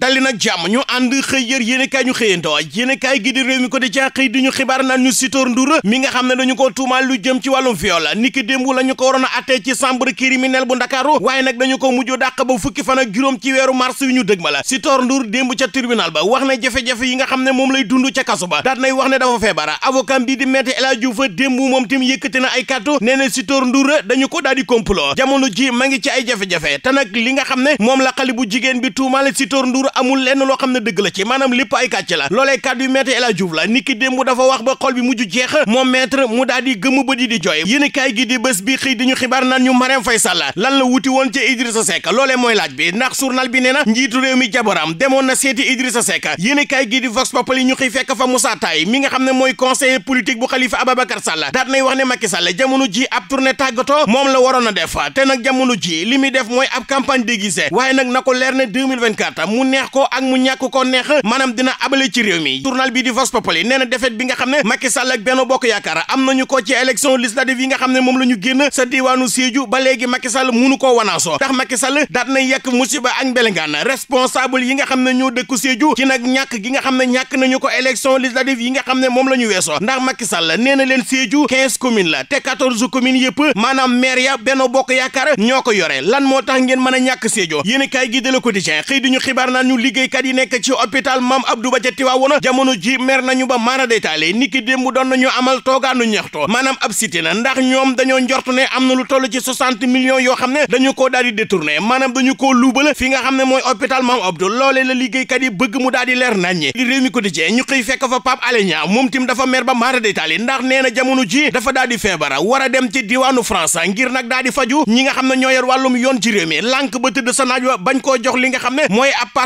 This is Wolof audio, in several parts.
dali nag jàmm ñu ànd xëy yër kaa ñu xëyantoo yéenekaay gi di réew mi ko di caa xëy di ñu xibaar naan ñu Sitor Ndour mi nga xam ne dañu ko tuumaal lu jëm ci wàllum viol niki démb la ñu ko waroon a attee ci chambre criminelle bu Ndakaaru waaye nag dañu ko mujj dàq ba fukki fan juróom ci weeru mars yu ñu dëg ma la Sitor Ndour démb ca tribunal ba wax na jafe yi nga xam ne moom lay dund ca kaso ba daat nay wax ne dafa feebar avocat bi di Maître El Hadji Diouf démb moom tim yëkkati na ay kàddu nee na Sitor Ndour dañu ko daal di complot jamono ji ma ngi ci ay jafe-jafe te nag li nga xam ne moom la xale bu jigéen bi tuumaal Sitor Ndour amul lenn loo xam ne dëgg la ci maanaam lépp ay kàcc la loolee kàddu yu maître El Hadji Diouf la niki démb dafa wax ba xol bi mujj jeex moom maître mu daal di gëmm ba di di jooy yéen kaay gi di bés bi xëy di ñu xibaar naan ñu Marème Faye Sall lan la wuti woon ci Idrissa Seck loolee mooy laaj bi ndax journal bi nee na njiitu réew mi jabaram demoon na seeti Idrissa Seck yéen kaay gi di Vox Populi ñu xëy fekk fa Moussa Taye mi nga xam ne mooy conseiller politique bu Khalifa Ababacar Sall daat nay wax ne Macky Sall jamono ji ab tournée tàggatoo moom la waroon a def te nag jamono ji li muy def mooy ab campagne déguisée waaye nag na ko leer ne 2024 neex ko ak mu ñàkk ko neex maanaam dina abale ci réew mi journal bi di Vox Populi nee defet bi nga xam ne Macky Sall ak Bokk Yaakaar am nañu ko ci élection législative yi nga xam ne moom la ñu génn sa diwaanu Sédhiou ba léegi Macky Sall munu koo wanaasoo ndax Macky Sall daat na yàq musiba ak mbelengaan responsable yi nga xam ne ñoo dëkku Sédhiou ci nag ñàkk gi nga xam ne ñàkk nañu ko élection législative yi nga xam ne moom la ñu weesoo ndax Macky Sall nee na leen Sédhiou quinze communes la te quatorze communes yëpp maanaam maire ko yore lan moo tax ngeen mën a ñàkk a kaay gi de naan ñu liggéeykat yi nekk ci hôpital Mame Abdou Ba ca Tivaouane jamono ji mer nañu ba maara détaale niki démb doon nañu amal toogaanu na ndax ñoom dañoo njort ne am na lu toll ci soixante yoo xam ne dañu ko daal di détourné maanaam dañu koo luubal fi nga xam ne mooy hôpital Mame Abdou loolee la liggéeykat yi bëgg mu daal di leer naññi di réew mi quotidien ñu xëy fekk fa Pape Alé Niang moom tim dafa mer ba maara détaale ndax nee na ji dafa daal di feebara war a dem ci diwaanu France ngir nag daal di faju ñi nga xam ne ñoo yor wàllum yoon ci réew mi lànk ba tëdd sa naaj wa bañ koo jox li nga xam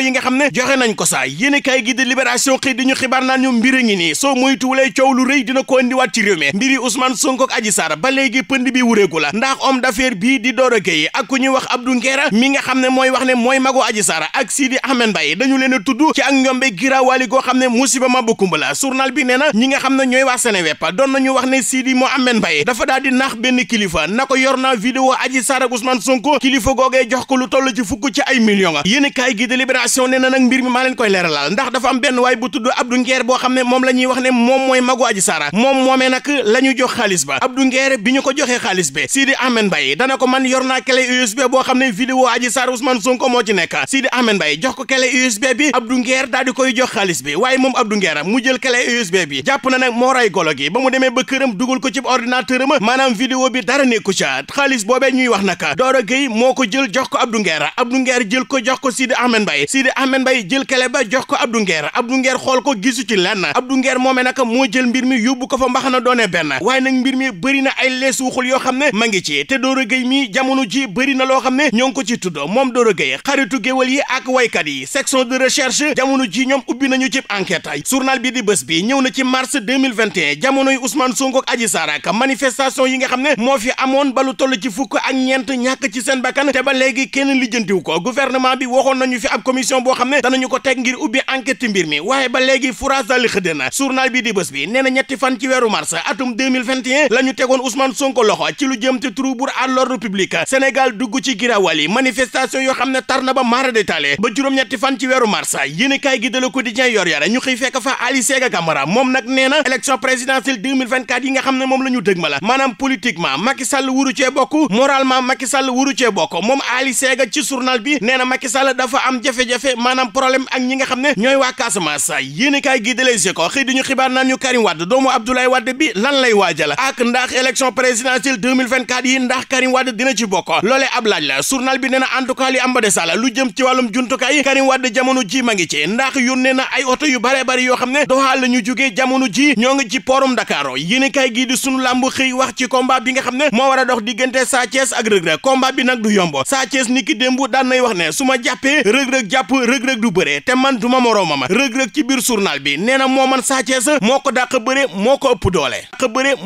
information yi nga xam ne joxe nañ ko saa yéen kaay gi di libération xëy di ñu xibaar naan ñu mbir a ngi nii soo moytuwulee coow lu rëy dina ko indiwaat ci réew mi mbiri Ousmane Sonko ak Adji Sarr ba léegi pënd bi wureegu la ndax homme d'affaires bii di door Gueye ak ku ñuy wax Abdou Nguera mi nga xam ne mooy wax ne mooy magu Adji Sarr ak Sidi Ahmed Mbaye dañu leen a tudd ci ak njombe giraawaali goo xam ne musiba ma bukkumba la journal bi nee na ñi nga xam ne ñooy waa Seneweb doon nañu wax ne Sidi Mohamed daal di nax benn kilifa na ko yor naa vidéo Adji Sarr ak Ousmane Sonko kilifa googee jox ko lu toll ci fukk ay millions libération nee na nag mbir mi maa leen koy leeralal ndax dafa am benn waay bu tudd Abdou Nguer boo xam ne moom la ñuy wax ne moom mooy magu Adji Sarr moom moomee nag la ñu jox xaalis ba Abdou bi ñu ko joxee xaalis bi Sidi Ahmed Mbaye dana ko man yor naa clé USB boo xam ne vidéo Adji Sarr Ousmane Sonko moo ci nekk Sidi Ahmed Mbaye jox ko clé USB bi Abdou daal di koy jox xaalis bi waaye moom Abdou Nguer mu jël clé USB bi jàpp na nag moo ray golo gi ba mu demee ba këram dugal ko ci ordinateur am maanaam vidéo bi dara nekku ca xaalis boobee ñuy wax naka Doro Gueye moo ko jël jox ko Abdou Nguer Abdou Nguer jël ko jox ko Sidi Ahmed Mbaye sii Sidi Ahmed Mbaye jël kele ba jox ko Abdou Nguer Abdou Nguer xool ko gisu ci lenn Abdou Nguer moomee nag moo jël mbir mi yóbbu ko fa mbaxana doone benn waaye nag mbir mi bëri na ay lees wuxul yoo xam ne ma ngi ci te Doro Gueye mi jamono ji bëri na loo xam ne ñoo ngi ko ci tudd moom Doro Gueye xaritu géwal yi ak kat yi section de recherche jamono ji ñoom ubbi nañu ci enquête journal bi di bés bi ñëw na ci mars 2021 jamonoy Ousmane Sonko ak Adji Sarr ak manifestation yi nga xam ne moo fi amoon ba lu toll ci fukk ak ñeent ñàkk ci seen bakkan te ba léegi kenn lijjantiw ko gouvernement bi waxoon nañu fi ab commission commission mbir mi waaye ba léegi furaas dali xëdde bi di bés bi nee ñetti fan ci weeru mars atum 2021 la ñu tegoon Ousmane loxo ci lu jëm ci trouble à l'ordre public Sénégal dugg ci girawal yi manifestation ne tar na ba maara ba juróom-ñetti fan ci weeru mars yéen kaay gi de Le Quotidien yor yara ñu xëy fekk fa Ali Sega Camara moom nag nee na élection présidentielle 2024 yi nga xam ne moom la ñu ma la maanaam politiquement jafe-jafe maanaam problème ak ñi nga xam ne ñooy waa Casamance yéen i kaay gi de Les Échos ñu xibaar naan ñu Karim Wade doomu Abdoulaye Wade bi lan lay waajal ak ndax élection présidentielle 2024 yi ndax Karim Wade dina ci bokk loolee ab laaj la journal bi nee na en tout cas li am ba des la lu jëm ci wàllum juntukaay Karim Wade jamono ji ma ngi ci ndax yónnee na ay oto yu bare bari yoo xam ne doxaal la ñu jógee jamono ji ñoo ngi ci porum Dakar i kaay xam ne moo war a dox diggante Sa Thiès ak Reug Reug combat wax ne ma jàppee Reug jàpp rëg-rëg du bëree te man du ma moroomam rëg-rëg ci biir journal bi nee moo man Sa Thiès moo ko dàq bëre moo ko ëpp doole dàq bëre